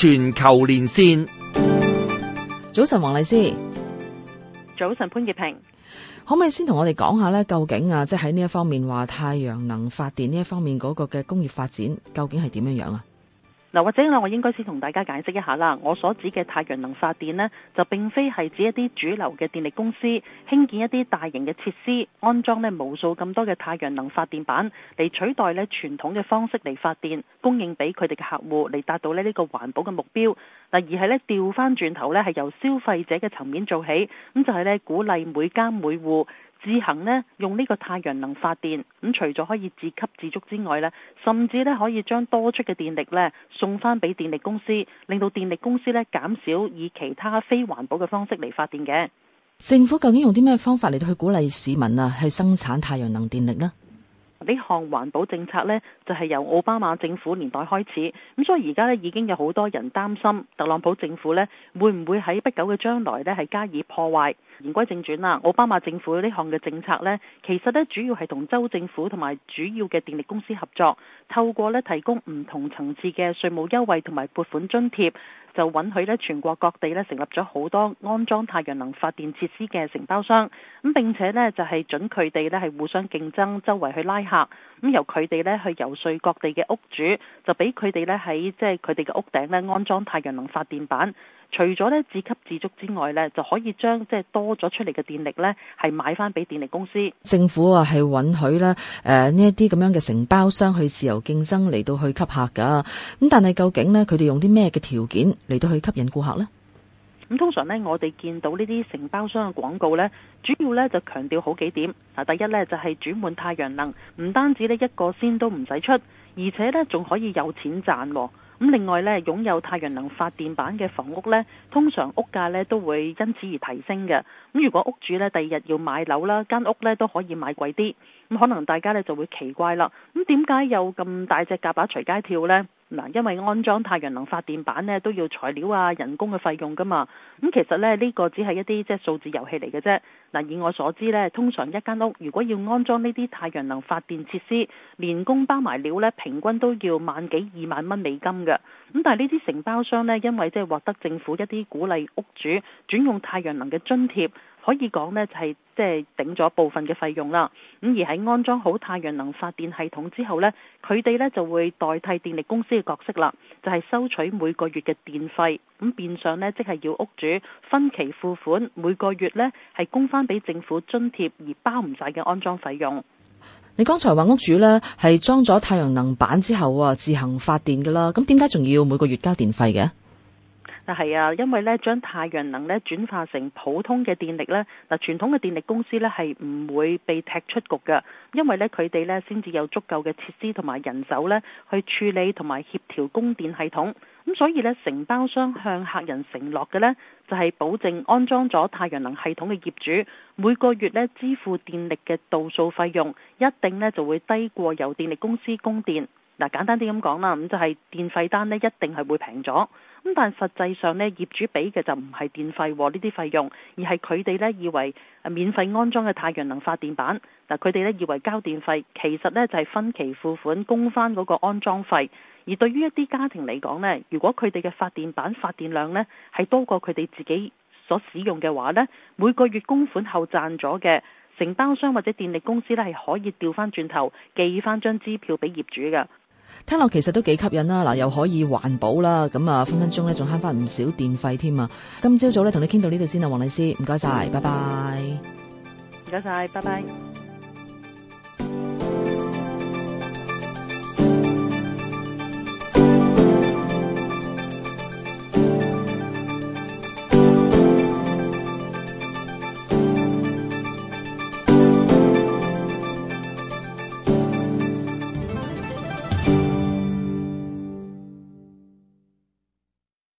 全球連線，早晨黃麗施，早晨潘潔平，可唔可以先同我哋講下咧？究竟啊，即係喺呢一方面話太陽能發電呢一方面嗰個嘅工業發展究竟係點樣樣啊？嗱，或者我應該先同大家解釋一下啦。我所指嘅太陽能發電呢，就並非係指一啲主流嘅電力公司興建一啲大型嘅設施，安裝呢無數咁多嘅太陽能發電板嚟取代呢傳統嘅方式嚟發電，供應俾佢哋嘅客戶嚟達到呢呢個環保嘅目標。嗱，而係呢調翻轉頭呢係由消費者嘅層面做起，咁就係呢鼓勵每間每戶。自行呢用呢個太陽能發電，咁、嗯、除咗可以自給自足之外呢，甚至呢可以將多出嘅電力呢送返俾電力公司，令到電力公司呢減少以其他非環保嘅方式嚟發電嘅。政府究竟用啲咩方法嚟到去鼓勵市民啊去生產太陽能電力呢？呢項環保政策呢，就係、是、由奧巴馬政府年代開始，咁、嗯、所以而家呢已經有好多人擔心特朗普政府呢會唔會喺不久嘅將來呢係加以破壞。言歸正傳啦，奧巴馬政府呢項嘅政策呢，其實呢主要係同州政府同埋主要嘅電力公司合作，透過呢提供唔同層次嘅稅務優惠同埋撥款津貼，就允許呢全國各地呢成立咗好多安裝太陽能發電設施嘅承包商，咁並且呢就係準佢哋呢係互相競爭，周圍去拉客，咁由佢哋呢去游說各地嘅屋主，就俾佢哋呢喺即係佢哋嘅屋頂呢安裝太陽能發電板。除咗咧自給自足之外咧，就可以將即係多咗出嚟嘅電力咧，係賣翻俾電力公司。政府啊係允許咧，誒呢一啲咁樣嘅承包商去自由競爭嚟到去吸客噶。咁但係究竟呢，佢哋用啲咩嘅條件嚟到去吸引顧客呢？咁通常呢，我哋見到呢啲承包商嘅廣告呢，主要呢就強調好幾點。嗱，第一呢，就係轉換太陽能，唔單止呢一個仙都唔使出，而且呢仲可以有錢賺。咁另外咧，擁有太陽能發電板嘅房屋咧，通常屋價咧都會因此而提升嘅。咁如果屋主咧第二日要買樓啦，間屋咧都可以買貴啲。咁可能大家咧就會奇怪啦，「咁點解有咁大隻蛤乸隨街跳呢？」嗱，因為安裝太陽能發電板咧，都要材料啊、人工嘅費用㗎嘛。咁其實咧，呢個只係一啲即係數字遊戲嚟嘅啫。嗱，以我所知呢，通常一間屋如果要安裝呢啲太陽能發電設施，連工包埋料呢，平均都要萬幾二萬蚊美金嘅。咁但係呢啲承包商呢，因為即係獲得政府一啲鼓勵屋主轉用太陽能嘅津貼。可以講呢，就係即係頂咗部分嘅費用啦。咁而喺安裝好太陽能發電系統之後呢，佢哋呢就會代替電力公司嘅角色啦，就係收取每個月嘅電費。咁變相呢，即係要屋主分期付款，每個月呢係供翻俾政府津貼而包唔晒嘅安裝費用。你剛才話屋主呢係裝咗太陽能板之後啊，自行發電噶啦。咁點解仲要每個月交電費嘅？係啊，因為咧將太陽能咧轉化成普通嘅電力咧，嗱，傳統嘅電力公司咧係唔會被踢出局嘅，因為咧佢哋咧先至有足夠嘅設施同埋人手咧去處理同埋協調供電系統。咁所以咧承包商向客人承諾嘅咧就係保證安裝咗太陽能系統嘅業主每個月咧支付電力嘅度數費用一定咧就會低過由電力公司供電。嗱，簡單啲咁講啦，咁就係電費單呢一定係會平咗。咁但實際上咧，業主俾嘅就唔係電費呢啲費用，而係佢哋咧以為免費安裝嘅太陽能發電板。嗱，佢哋咧以為交電費，其實呢就係分期付款供翻嗰個安裝費。而對於一啲家庭嚟講呢，如果佢哋嘅發電板發電量呢係多過佢哋自己所使用嘅話呢，每個月供款後賺咗嘅承包商或者電力公司呢，係可以調翻轉頭寄翻張支票俾業主嘅。聽落其實都幾吸引啦，嗱又可以環保啦，咁啊分分鐘咧仲慳返唔少電費添啊！今朝早咧同你傾到呢度先啊，黃麗施，唔該曬，拜拜。唔該曬，拜拜。